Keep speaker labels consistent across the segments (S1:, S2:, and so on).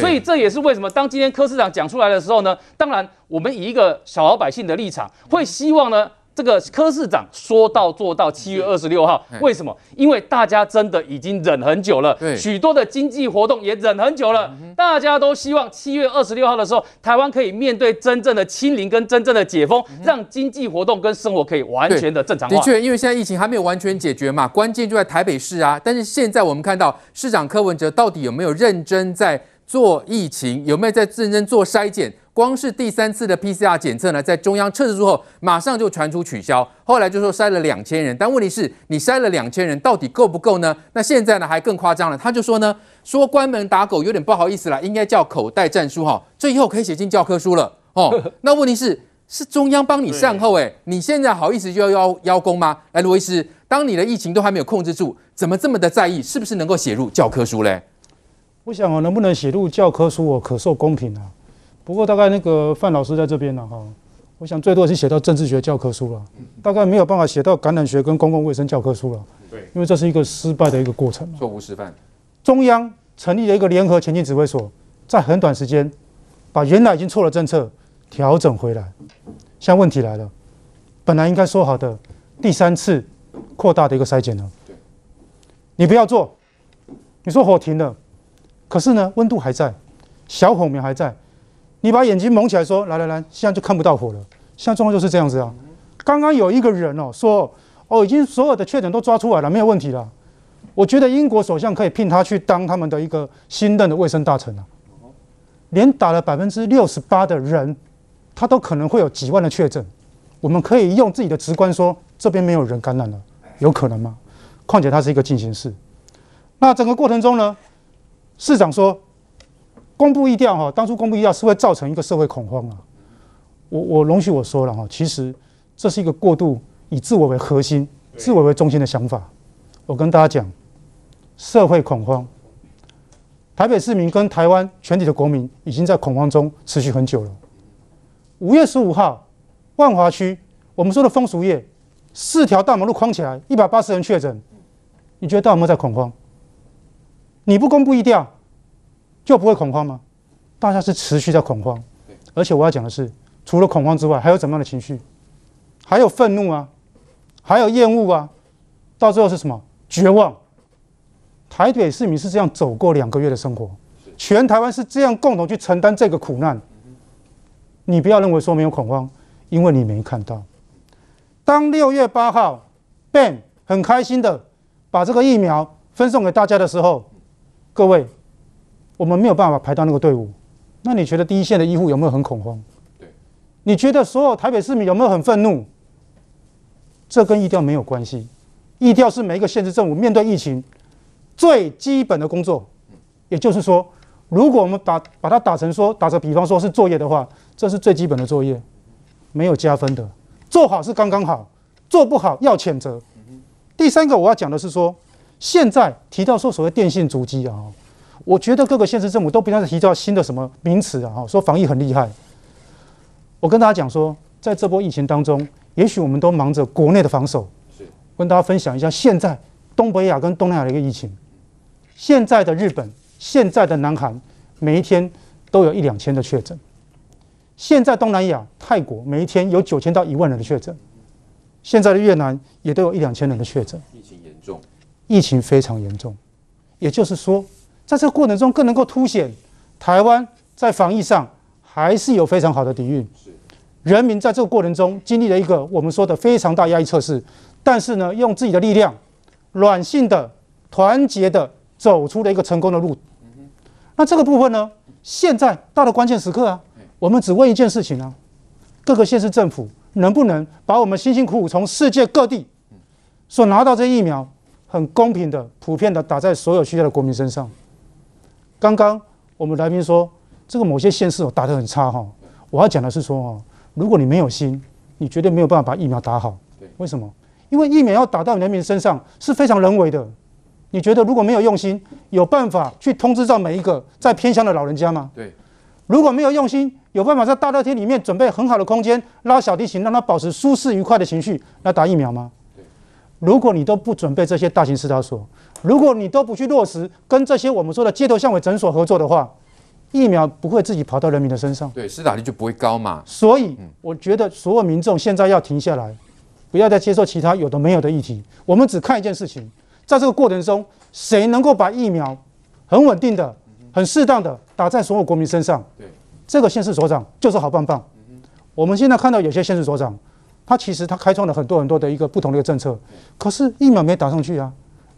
S1: 所以
S2: 這也是為什麼，當今天柯市長講出來的時候呢，當然，我們以一個小老百姓的立場，會希望呢，這個柯市長說到做到。七月二十六號，為什麼？因為大家真的已經忍很久了，許多的經濟活動也忍很久了。大家都希望七月二十六號的時候，台灣可以面對真正的清零跟真正的解封，讓經濟活動跟生活可以完全的正常化。的確，
S3: 因為現在疫情還沒有完全解決嘛，關鍵就在台北市啊。但是現在我們看到市長柯文哲到底有沒有認真在做疫情有沒有在認真做篩檢？光是第三次的 PCR 檢測呢，在中央撤訴之後，馬上就傳出取消。後來就說篩了兩千人，但問題是，你篩了兩千人，到底夠不夠呢？那現在呢，還更誇張了，他就說呢，說關門打狗有點不好意思了，應該叫口袋戰術哈，最後可以寫進教科書了哦。那問題是，是中央幫你善後誒？對你現在好意思就要邀邀功嗎？誒，羅醫師，當你的疫情都還沒有控制住，怎麼這麼的在意？是不是能夠寫入教科書嘞？
S1: 我想哦，能不能寫入教科書哦？可受公平啊。不過大概那個范老師在這邊了哈。我想最多是寫到政治學教科書了，大概沒有辦法寫到感染學跟公共衛生教科書了。對，因為這是一個失敗的一個過程。錯誤示範，中央成立了一個聯合前進指揮所，在很短時間把原來已經錯了政策調整回來。現在問題來了，本來應該說好的第三次擴大的一個篩檢呢，對你不要做，你說火停了。可是呢，溫度還在，小火苗還在。你把眼睛蒙起來說，說來來來，現在就看不到火了。現在狀況就是這樣子啊。剛剛有一個人哦說，哦已經所有的確診都抓出來了，沒有問題了、啊。我覺得英國首相可以聘他去當他們的一個新任的衛生大臣了、啊。連打了百分之六十八的人，他都可能會有幾萬的確診。我們可以用自己的直觀說，這邊沒有人感染了，有可能嗎？況且他是一個進行式。那整個過程中呢？市長說：“公布疫調，哈，當初公布疫調是會造成一個社會恐慌啊。”我我容許我說了哈，其實這是一個過度以自我為核心、自我為中心的想法。我跟大家講，社會恐慌，台北市民跟台灣全體的國民已經在恐慌中持續很久了。五月十五號，萬華區我們說的風俗業四條大馬路框起來，一百八十人確診，你覺得大家有沒有在恐慌？你不公布疫調？就不會恐慌嗎？大家是持續在恐慌。而且我要講的是，除了恐慌之外，還有怎麼樣的情緒？還有憤怒啊，還有厭惡啊，到最後是什麼？絕望。台北市民是這樣走過兩個月的生活，全台灣是這樣共同去承擔這個苦難。你不要認為說沒有恐慌，因為你沒看到。當六月八號，Ben 很開心的把這個疫苗分送給大家的時候，各位。我們沒有辦法排到那個隊伍，那你覺得第一線的醫護有沒有很恐慌？對，你覺得所有台北市民有沒有很憤怒？這跟疫調沒有關係，疫調是每一個縣市政府面對疫情最基本的工作，也就是說，如果我們打把它打成說打個比方說是作業的話，這是最基本的作業，沒有加分的，做好是剛剛好，做不好要譴責。第三個我要講的是說，現在提到說所謂電信足跡啊。我覺得各個縣市政府都不再提交新的什麼名詞啊，說防疫很厲害。我跟大家講說，在這波疫情當中，也許我們都忙着國內的防守。是。跟大家分享一下，現在東北亞跟東南亞的一個疫情。現在的日本、現在的南韓，每一天都有一兩千的確診。現在東南亞，泰國每一天有九千到一萬人的確診。現在的越南也都有一兩千人的確診。疫情嚴重。疫情非常嚴重。也就是說。在這個過程中更能夠凸顯，台灣在防疫上還是有非常好的底蘊。人民在這個過程中經歷了一個我們說的非常大壓力測試，但是呢，用自己的力量，軟性的、團結的走出了一個成功的路。那這個部分呢，現在到了關鍵時刻啊，我們只問一件事情啊，各個縣市政府能不能把我們辛辛苦苦從世界各地所拿到這疫苗，很公平的、普遍的打在所有需要的國民身上？剛剛我們來賓說，這個某些縣市我打得很差哈、哦，我要講的是說哦，如果你沒有心，你絕對沒有辦法把疫苗打好。對為什麼？因為疫苗要打到人民身上是非常人為的。你覺得如果沒有用心，有辦法去通知到每一個在偏鄉的老人家嗎？對如果沒有用心，有辦法在大熱天裡面準備很好的空間，拉小提琴讓他保持舒適愉快的情緒來打疫苗嗎？對如果你都不準備這些大型施打所，如果你都不去落實跟這些我們說的街頭巷尾診所合作的話，疫苗不會自己跑到人民的身上。
S3: 對，施打率就不會高嘛。所
S1: 以，我覺得所有民眾現在要停下來，不要再接受其他有的沒有的議題。我們只看一件事情，在這個過程中，誰能夠把疫苗很穩定的、很適當的打在所有國民身上？對，這個縣市所長就是好棒棒。我們現在看到有些縣市所長，他其實他開創了很多很多的一個不同的一個政策，可是疫苗沒打上去啊。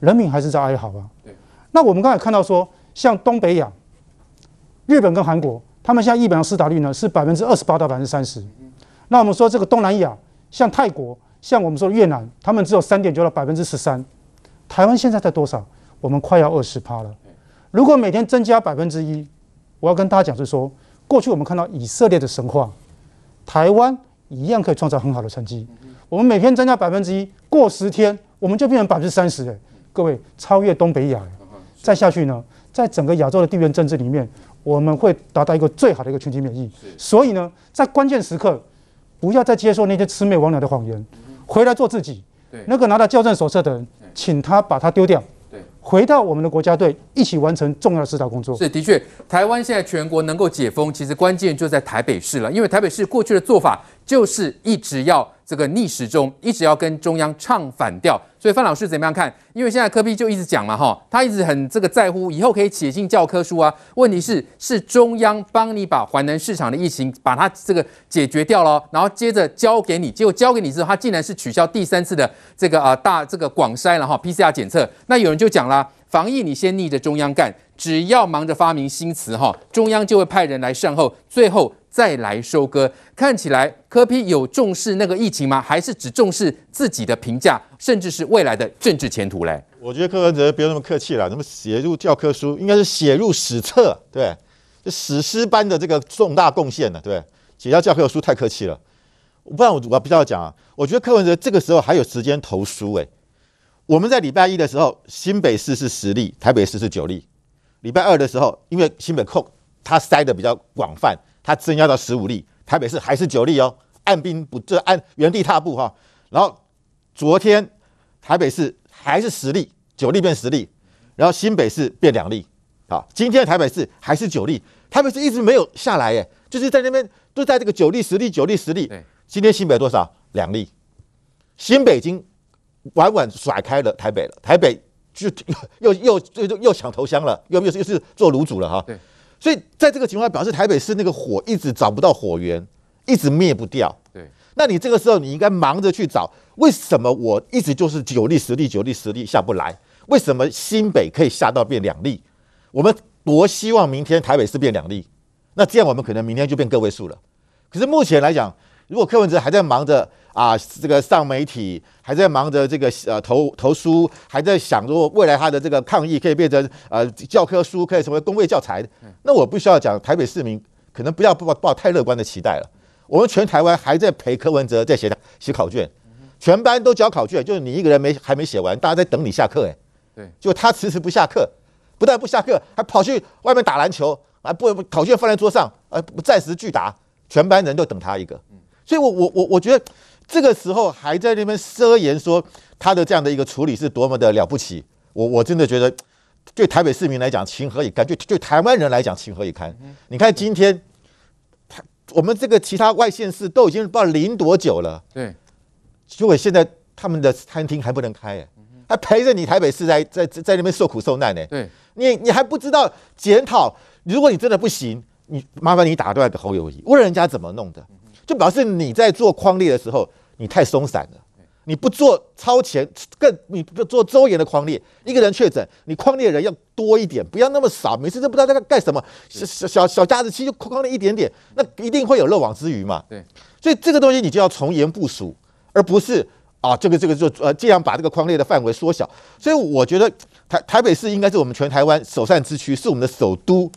S1: 人民還是在哀嚎啊。對那我們剛才看到說，像東北亞，日本跟韓國，他們現在疫苗施打率呢是百分之二十八到百分之三十。嗯、哼那我們說這個東南亞，像泰國，像我們說的越南，他們只有三點九到百分之十三。台灣現在在多少？我們快要二十趴了。如果每天增加百分之一，我要跟大家講，是說，過去我們看到以色列的神話，台灣一樣可以創造很好的成績。嗯、哼我們每天增加百分之一，過十天我們就變成百分之三十了。各位超越東北亞，再下去呢，在整個亞洲的地緣政治裡面，我們會達到一個最好的一個群體免疫。所以呢，在關鍵時刻，不要再接受那些魑魅魍魎的謊言，回來做自己。對那個拿到教正手冊的人，請他把它丟掉。回到我們的國家隊，一起完成重要的指導工作。
S3: 是的確，台灣現在全國能夠解封，其實關鍵就在台北市了，因為台北市過去的做法。就是一直要這個逆時鐘，一直要跟中央唱反調。所以范老師怎麼樣看？因為現在柯 P 就一直講嘛，哈，他一直很這個在乎，以後可以寫進教科書啊。問題是，是中央幫你把環南市場的疫情把它這個解決掉了，然後接着交給你，結果交給你之後，他竟然是取消第三次的這個啊大這個廣篩了哈，PCR 檢測。那有人就講了，防疫你先逆着中央幹，只要忙着發明新詞哈，中央就會派人來善後，最後。再來收割，看起來柯 P 有重視那個疫情嗎？還是只重視自己的評價，甚至是未來的政治前途嘞？我
S4: 覺得柯文哲不用那麼客氣了，那麼寫入教科書？應該是寫入史冊，對，就史詩般的這個重大貢獻呢，對，寫到教、教科書太客氣了。不然我我比較講啊，我覺得柯文哲這個時候還有時間投書哎、欸。我們在禮拜一的時候，新北市是十例，台北市是九例。禮拜二的時候，因為新北控他塞的比較廣泛。他增加到十五例，台北市還是九例哦，按兵不就按原地踏步哈、啊。然後昨天台北市還是十例，九例變十例，然後新北市變兩例啊。今天台北市還是九例，台北市一直沒有下來耶，就是在那邊都在這個九例十例九例十例。今天新北多少？兩例，新北已經穩穩甩開了台北了，台北就又又又又、又搶頭香了，又又是，又是做爐主了哈、啊。所以，在這個情況下，表示台北市那個火一直找不到火源，一直滅不掉。對，那你這個時候你應該忙着去找，為什麼我一直就是九例十例九例十例，下不來？為什麼新北可以下到變兩例？我們多希望明天台北市變兩例，那這樣我們可能明天就變個位數了。可是目前來講，如果柯文哲還在忙着。啊，這個上媒體還在忙着這個呃、啊、投投書，還在想說未來他的這個抗議可以變成呃教科書，可以成為公衛教材，嗯、那我不需要講，台北市民可能不要抱抱太樂觀的期待了。我們全台灣還在陪柯文哲在寫寫考卷，嗯、哼全班都交考卷，就是你一個人沒還沒寫完，大家在等你下課哎、欸。對就他遲遲不下課，不但不下課，還跑去外面打籃球，啊不，考卷放在桌上，呃暫時拒答，全班人都等他一個。嗯、所以我我我我覺得。這個時候還在那邊奢言說他的這樣的一個處理是多麼的了不起我，我我真的覺得對台北市民來講情何以堪？對，對台灣人來講情何以堪。嗯、你看今天、嗯，他，我們這個其他外縣市都已經不知道零多久
S3: 了，
S4: 對，結果現在他們的餐廳還不能開、欸，還陪着你台北市在在在，在那邊受苦受難呢、欸。對，你你還不知道檢討，如果你真的不行，你麻煩你打斷侯友宜，問人家怎麼弄的。就表示你在做匡列的時候，你太鬆散了。你不做超前，更你不做周延的匡列。一個人確診，你匡列的人要多一點，不要那麼少。每次都不知道在幹幹什麼，小小小家子氣就框框了一點點，那一定會有漏網之魚嘛。所以這個東西你就要從嚴部署，而不是啊這個這個就呃盡量把這個匡列的範圍縮小。所以我覺得台台北市應該是我們全台灣首善之區，是我們的首都。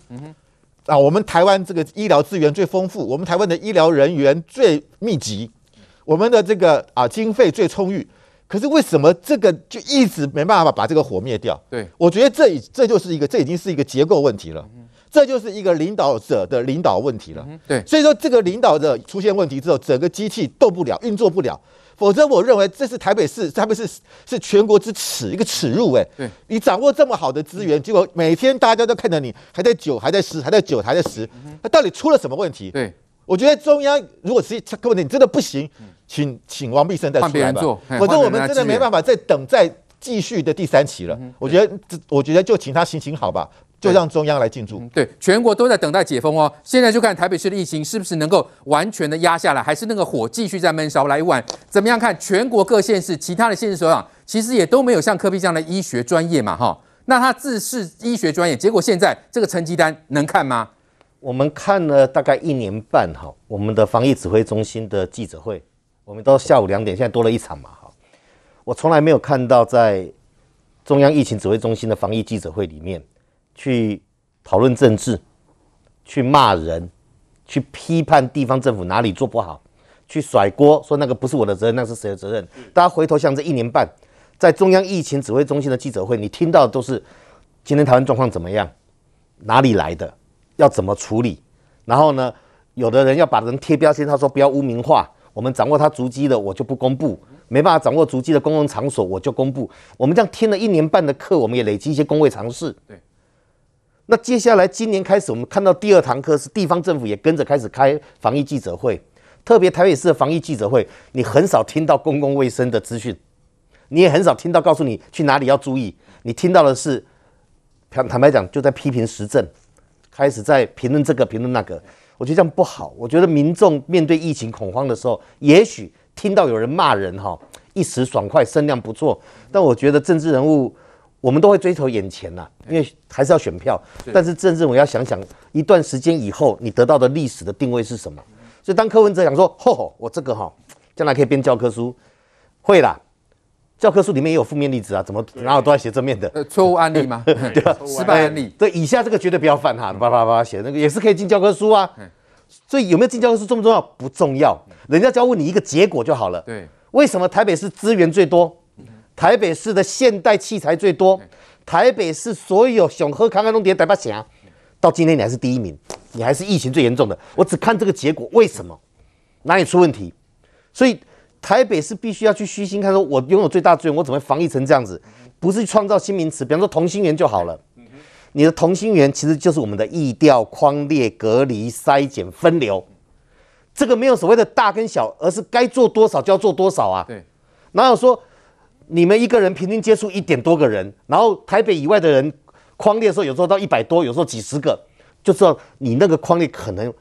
S4: 啊，我們台灣這個醫療資源最豐富，我們台灣的醫療人員最密集，我們的這個啊經費最充裕。可是為什麼這個就一直沒辦法把這個火滅掉？對，我覺得這這就是一個，這已經是一個結構問題了，嗯、哼這就是一個領導者的領導問題了。嗯、對，所以說這個領導者出現問題之後，整個機器動不了，運作不了。否則，我認為這是台北市，台北市是全國之恥，一個恥辱。對你掌握這麼好的資源，對結果每天大家都看着你，還在九、還在十、還在九、還在十。那到底出了什麼問題？對我覺得中央如果是這個問題，你真的不行，請請王必勝再出來吧。否則我們真的沒辦法再等，再繼續的第三期
S3: 了。對我覺得，我覺得就請他行行好吧。就讓
S4: 中央來進駐，嗯，
S3: 對，全國都在等待解封哦。現在就看台北市的疫情是不是能夠完全的壓下來，還是那個火繼續在悶燒。來一碗怎麼樣看？全國各縣市其他的縣市首長其實也都沒有像柯 P 這樣的醫學專
S5: 業嘛，哈。那他自視醫學專業，結果現在這個成績單能看嗎？我們看了大概一年半哈，我們的防疫指揮中心的記者會，我們到下午兩點，現在多了一場嘛，哈。我從來沒有看到在中央疫情指揮中心的防疫記者會裡面。去討論政治，去罵人，去批判地方政府哪裡做不好，去甩鍋說那個不是我的責任，那個、是誰的責任？嗯、大家回頭想，這一年半，在中央疫情指揮中心的記者會，你聽到的都是今天台灣狀況怎麼樣，哪裡來的，要怎麼處理？然後呢，有的人要把人貼標籤，他說不要污名化，我們掌握他足跡的，我就不公布；沒辦法掌握足跡的公共場所，我就公布。我們這樣聽了一年半的課，我們也累積一些公衛常識。對。那接下來今年開始，我們看到第二堂課是地方政府也跟着開始開防疫記者會，特別台北市的防疫記者會，你很少聽到公共衛生的資訊，你也很少聽到告訴你去哪裡要注意，你聽到的是坦坦白講就在批評時政，開始在評論這個評論那個，我覺得這樣不好，我覺得民眾面對疫情恐慌的時候，也許聽到有人罵人哈，一時爽快聲量不錯，但我覺得政治人物。我們都會追求眼前呐、啊，因為還是要選票。對但是政治，我要想想一段時間以後，你得到的歷史的定位是什麼？對所以當柯文哲講說：“吼，我這個哈、哦，將來可以編教科書，會啦。”教科書裡面也有負面例子啊，怎麼哪有都在寫正面的？對呃、錯誤案例嘛， 對吧？失敗案例對。對，以下這個絕對不要犯哈，叭叭叭寫那個也是可以進教科書啊。對所以有沒有進教科書重不重要？不重要，人家只要問你一個結果就好了。對為什麼台北市資源最多？台北市的現代器材最多，台北市所有想喝啡、康龍的台北啊，到今天你還是第一名，你還是疫情最嚴重的。我只看這個結果，為什麼？哪裡出問題？所以台北市必須要去虛心看，說我擁有最大的資源，我怎麼防疫成這樣子？不是創造新名詞，比方說同心圓就好了。你的同心圓其實就是我們的疫調、匡列、隔離、篩檢、分流，這個沒有所謂的大跟小，而是該做多少就要做多少啊。哪有說？你們一個人平均接觸一點多個人，然後台北以外的人匡列的時候，有時候到一百多，有時候幾十個，就知道你那個匡列可能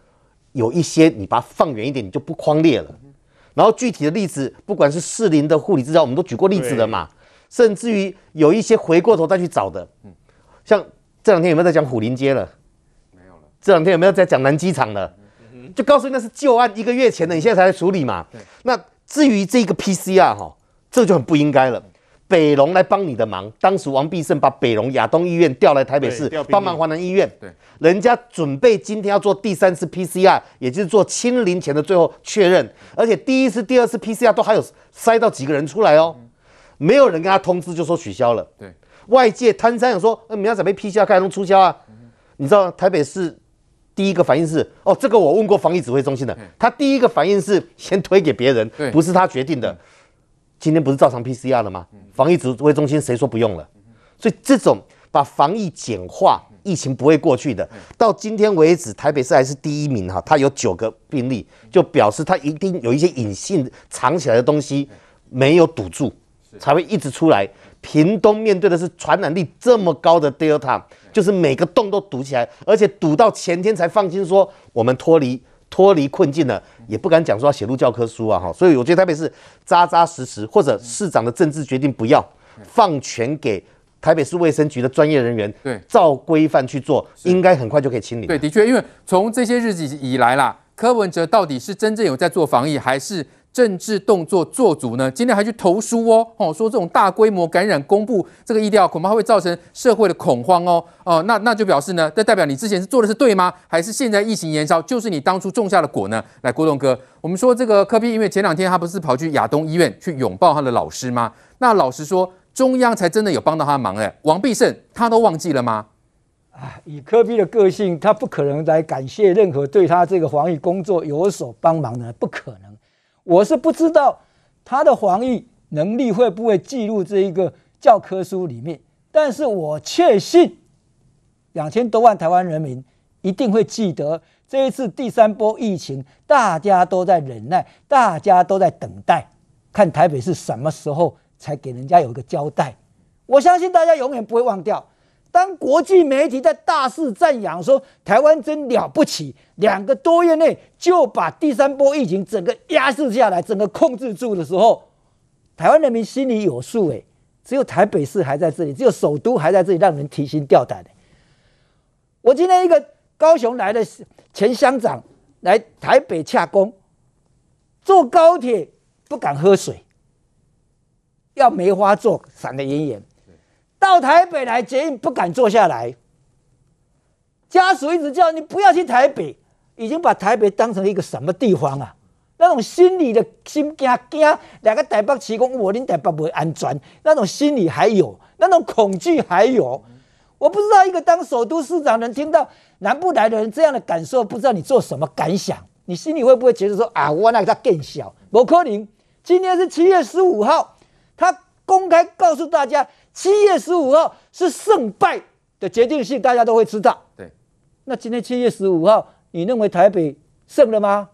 S5: 有一些，你把它放遠一點，你就不匡列了。嗯、哼然後具體的例子，不管是士林的護理之家，我們都舉過例子了嘛。對甚至於有一些回過頭再去找的，像這兩天有沒有在講虎林街了？沒有了。這兩天有沒有在講南機場了？嗯、哼就告訴你那是舊案，一個月前的，你現在才來處理嘛。對那至於這個 PCR 哈、哦。這個就很不應該了。北榮來幫你的忙，當時王必勝把北榮亞東醫院調來台北市幫忙華南醫院，對，人家準備今天要做第三次 PCR，對也就是做清零前的最後確認，而且第一次、第二次 PCR 都還有篩到幾個人出來哦，嗯、沒有人跟他通知就說取消
S1: 了。
S5: 對，外界攤三想說，那明天準備 PCR，幹嘛都取消啊？嗯、哼你知道台北市第一個反應是，哦，這個我問過防疫指揮中心的，他嘿第一個反應是先推給別人，對不是他決定的。嗯今天不是照常 PCR 了嗎？防疫指揮中心誰說不用了？所以這種把防疫簡化，疫情不會過去的。到今天為止，台北市還是第一名哈，它有九個病例，就表示它一定有一些隱性藏起來的東西沒有堵住，才會一直出來。屏東面對的是傳染力這麼高的 Delta，就是每個洞都堵起來，而且堵到前天才放心說我們脫離。脫離困境了，也不敢講說要寫入教科書啊！哈，所以我覺得台北市扎扎實實，或者市長的政治決定不要放權給台北市衛生局的專業人員。對，照規範去做，應該很快就可以清零。對，的確，因為
S3: 從這些日子以來啦，柯文哲到底是真正有在做防疫，還是？政治動作做足呢，今天還去投書哦，哦，說這種大規模感染公布這個疫調，恐怕會造成社會的恐慌哦，哦、呃，那那就表示呢，這代表你之前是做的是對嗎？還是現在疫情延燒，就是你當初種下的果呢？來，國棟哥，我們說這個柯 P，因為前兩天他不是跑去亞東醫院去擁抱他的老師嗎？那老實說，中央才真的有幫到他忙哎、欸，王必勝他都忘記了嗎？
S6: 啊，以柯 P 的個性，他不可能來感謝任何對他這個防疫工作有所幫忙的，不可能。我是不知道他的防疫能力會不會記錄這一個教科書裡面，但是我確信兩千多萬台灣人民一定會記得這一次第三波疫情，大家都在忍耐，大家都在等待，看台北是什麼時候才給人家有一個交代。我相信大家永遠不會忘掉。當國際媒體在大肆贊揚說台灣真了不起，兩個多月內就把第三波疫情整個壓制下來，整個控制住的時候，台灣人民心裡有數。哎，只有台北市還在這裡，只有首都還在這裡，讓人提心吊膽的。我今天一個高雄來的前鄉長來台北洽公，坐高鐵不敢喝水，要梅花座，閃得遠遠的。到台北來捷運不敢坐下來，家屬一直叫你不要去台北，已經把台北當成一個什麼地方啊？那種心理的心驚驚，兩個台北提供我，你台北不安全，那種心理還有，那種恐懼還有。我不知道一個當首都市長能聽到南部來的人這樣的感受，不知道你做什麼感想？你心裡會不會覺得說啊，我那個在更小？某柯林今天是七月十五號，他公開告訴大家。七月十五號是勝敗的決定性，大家都會知道。對那今天七月十五號，你認為台北勝了嗎？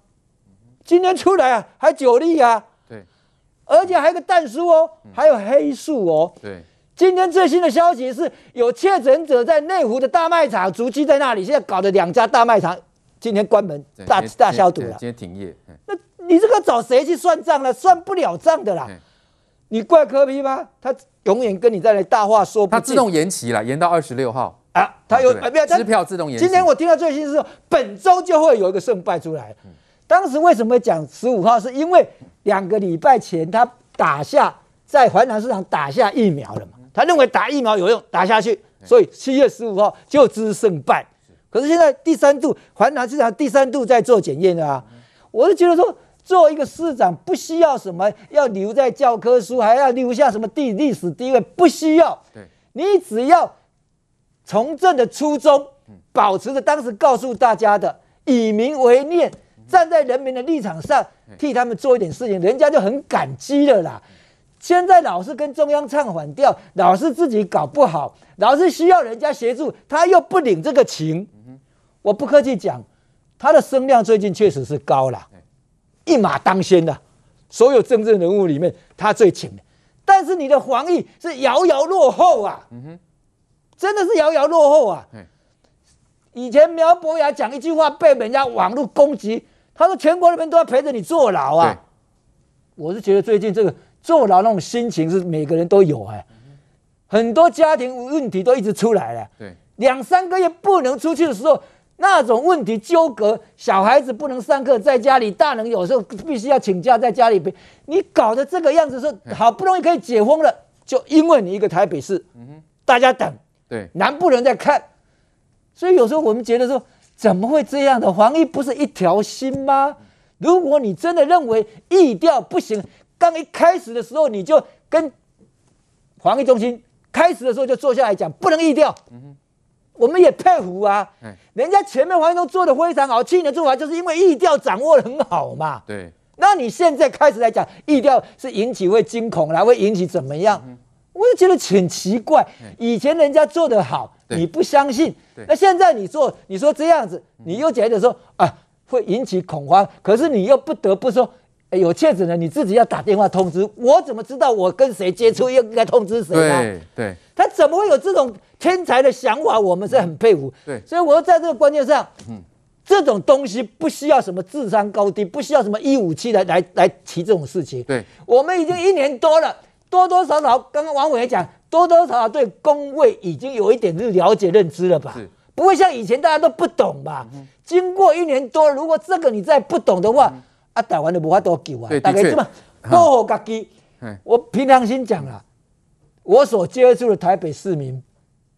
S6: 嗯、哼今天出來啊，還九例啊，對而且還有個但書哦，嗯、還有黑數哦。對今天最新的消息是，有確診者在內湖的大賣場足跡在那裡，現在搞的兩家大賣場今天關門，對大大消毒了
S3: 今，今天停業。嗯、那
S6: 你這個找誰去算賬了、啊？算不了賬的啦。嗯你怪柯 P 嗎？他永遠跟你在那裡大話說不。他自動延
S3: 期了，延到二十六號啊。他有支票自動延期。今天
S6: 我聽到最新的時候，本周就會有一個勝敗出來。嗯、當時為什麼會講十五號？是因為兩個禮拜前他打下在環南市場打下疫苗了嘛？嗯、他認為打疫苗有用，打下去，所以七月十五號就知勝敗。嗯、可是現在第三度環南市場第三度在做檢驗的啊，嗯、我就覺得說。做一個市長不需要什麼，要留在教科書，還要留下什麼的歷史地位？不需要。你只要從政的初衷，保持着當時告訴大家的“以民為念”，站在人民的立場上替他們做一點事情，人家就很感激了啦。現在老是跟中央唱反調，老是自己搞不好，老是需要人家協助，他又不領這個情。我不客氣講，他的聲量最近確實是高啦。一馬當先的，啊，所有政治人物裡面，他最請的。但是你的防疫是遙遙落後啊，嗯、哼真的是遙遙落後啊。嗯、哼以前苗博雅講一句話被人家網絡攻擊，他說全國人民都要陪着你坐牢啊。對我是覺得最近這個坐牢那種心情是每個人都有哎、欸，嗯、哼很多家庭問題都一直出來了。兩對三個月不能出去的時候。那種問題糾葛，小孩子不能上課，在家裡；大人有時候必須要請假，在家裡邊。你搞得這個樣子，說好不容易可以解封了，就因為你一個台北市，嗯哼，大家等，對，南部人在看。所以有時候我們覺得說，怎麼會這樣的？防疫不是一條心嗎？如果你真的認為疫調不行，剛一開始的時候你就跟防疫中心開始的時候就坐下來講，不能疫調。嗯我們也佩服啊，人家前面黃毅東做的非常好，去年做法就是因為疫調掌握的很好嘛。對，那你現在開始來講，疫調是引起會驚恐啦，然後會引起怎麼樣？嗯、哼我就覺得挺奇怪，以前人家做的好，對你不相信，對那現在你做，你說這樣子，你又覺得說啊會引起恐慌，可是你又不得不說。有確診的，你自己要打電話通知我，怎麼知道我跟誰接觸，又應該通知誰呢？他怎麼會有這種天才的想法？我們是很佩服。嗯、所以我在這個觀念上，嗯、這種東西不需要什麼智商高低，不需要什麼一五七來來來提這種事情。對我們已經一年多了，多多少少，剛剛王委也講，多多少少對公衛已經有一點是了解認知了吧？是不會像以前大家都不懂吧？嗯、經過一年多，如果這個你再不懂的話。嗯啊，台灣的無法多久啊，大概嘛，嗯、都自己。嗯、我平常心講啊，嗯、我所接觸的台北市民，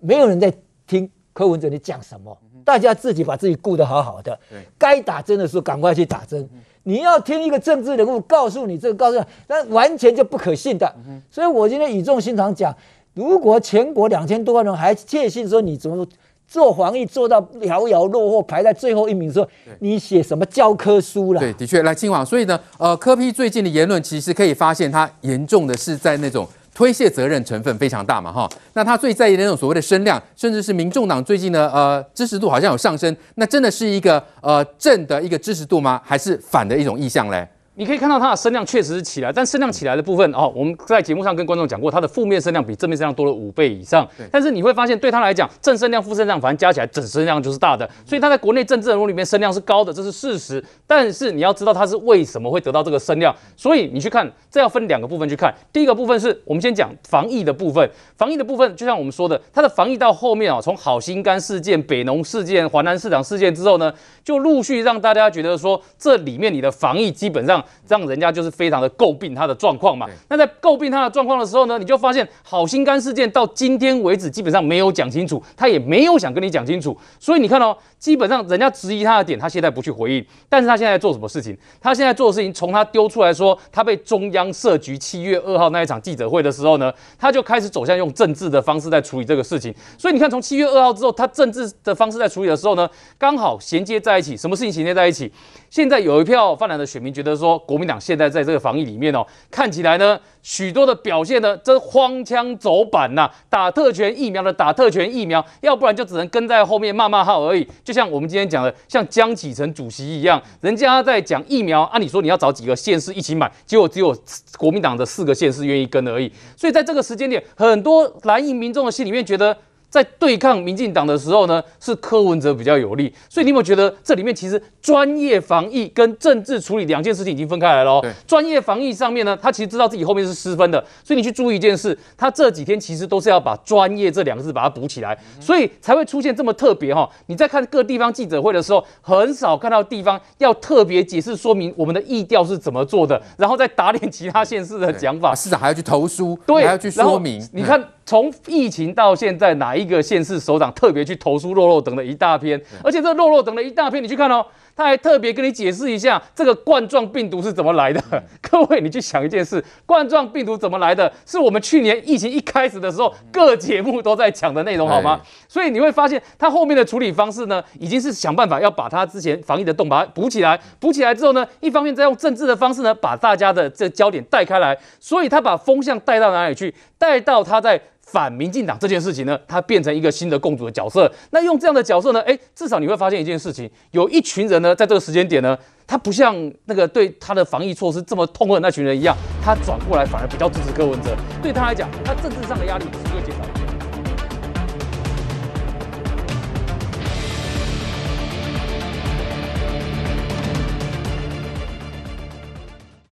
S6: 沒有人在聽柯文哲你講什麼，嗯、哼大家自己把自己顧得好好的，該、嗯、哼打針的時候趕快去打針。嗯、哼你要聽一個政治人物告訴你這個告訴你，告訴那完全就不可信的。嗯、哼所以我今天語重心長講，如果全國兩千多萬人還確信說你怎麼？做防疫做到遙遙落後，排在最後一名的時候，你寫什麼教科書了？對，
S3: 的確來清華，所以呢，呃，柯 P 最近的言論，其實可以發現他嚴重的是在那種推卸責任成分非常大嘛，哈。那他最在意的那種所謂的聲量，甚至是民眾黨最近的呃支持度好像有上升，那真的是一個
S2: 呃正的一個支持度嗎？還是反的一種意向嘞？你可以看到它的聲量確實是起來，但聲量起來的部分哦、啊，我們在節目上跟觀眾講過，它的負面聲量比正面聲量多了五倍以上。但是你會發現，對他來講，正聲量、負聲量，反正加起來，整聲量就是大的。所以他在國內政治人物裡面聲量是高的，這是事實。但是你要知道他是為什麼會得到這個聲量，所以你去看，這要分兩個部分去看。第一個部分是我們先講防疫的部分，防疫的部分就像我們說的，它的防疫到後面啊，從好心肝事件、北農事件、環南市場事件之後呢，就陸續讓大家覺得說，這裡面你的防疫基本上。這樣人家就是非常的詬病他的狀況嘛。那在詬病他的狀況的時候呢，你就發現好心肝事件到今天為止基本上沒有講清楚，他也沒有想跟你講清楚。所以你看哦，基本上人家質疑他的點，他現在不去回應。但是他現在在做什麼事情？他現在做的事情，從他丟出來說他被中央設局，七月二號那一場記者會的時候呢，他就開始走向用政治的方式在處理這個事情。所以你看，從七月二號之後，他政治的方式在處理的時候呢，剛好銜接在一起。什麼事情銜接在一起？現在有一票泛藍的選民覺得說，國民黨現在在這個防疫裡面哦，看起來呢，許多的表現呢，真荒腔走板吶、啊，打特權疫苗的打特權疫苗，要不然就只能跟在後面罵罵號而已。就像我們今天講的，像江啟臣主席一樣，人家在講疫苗，按、啊、理說你要找幾個縣市一起買，結果只有國民黨的四個縣市願意跟而已。所以在這個時間點，很多藍營民眾的心裡面覺得。在對抗民進黨的時候呢，是柯文哲比較有利，所以你有沒有覺得這裡面其實專業防疫跟政治處理兩件事情已經分開來了哦。專對 業防疫上面呢，他其實知道自己後面是失分的，所以你去注意一件事，他這幾天其實都是要把“專業”這兩個字把它補起來，所以才會出現這麼特別哈。你在看各地方記者會的時候，很少看到地方要特別解釋說明我們的疫調是怎麼做的，然後再打點其他縣市的講法，對 市長還要去投書，對，還要去說明。你看。嗯從疫情到現在，哪一個縣市首長特別去投書落落等了一大篇？而且這落落等了一大篇，你去看哦，他還特別跟你解釋一下這個冠狀病毒是怎麼來的。嗯、各位，你去想一件事：冠狀病毒怎麼來的？是我們去年疫情一開始的時候，各節目都在講的內容，好嗎？所以你會發現，他後面的處理方式呢，已經是想辦法要把他之前防疫的洞把它補起來。補起來之後呢，一方面再用政治的方式呢，把大家的這焦點帶開來，所以他把風向帶到哪裡去？帶到他在。反民進黨這件事情呢，它變成一個新的共主的角色。那用這樣的角色呢，哎、欸，至少你會發現一件事情，有一群人呢，在這個時間點呢，他不像那個對他的防疫措施這麼痛恨那群人一樣，他轉過來反而比較支持柯文哲。對他來講，他政治上的壓力其實又減少。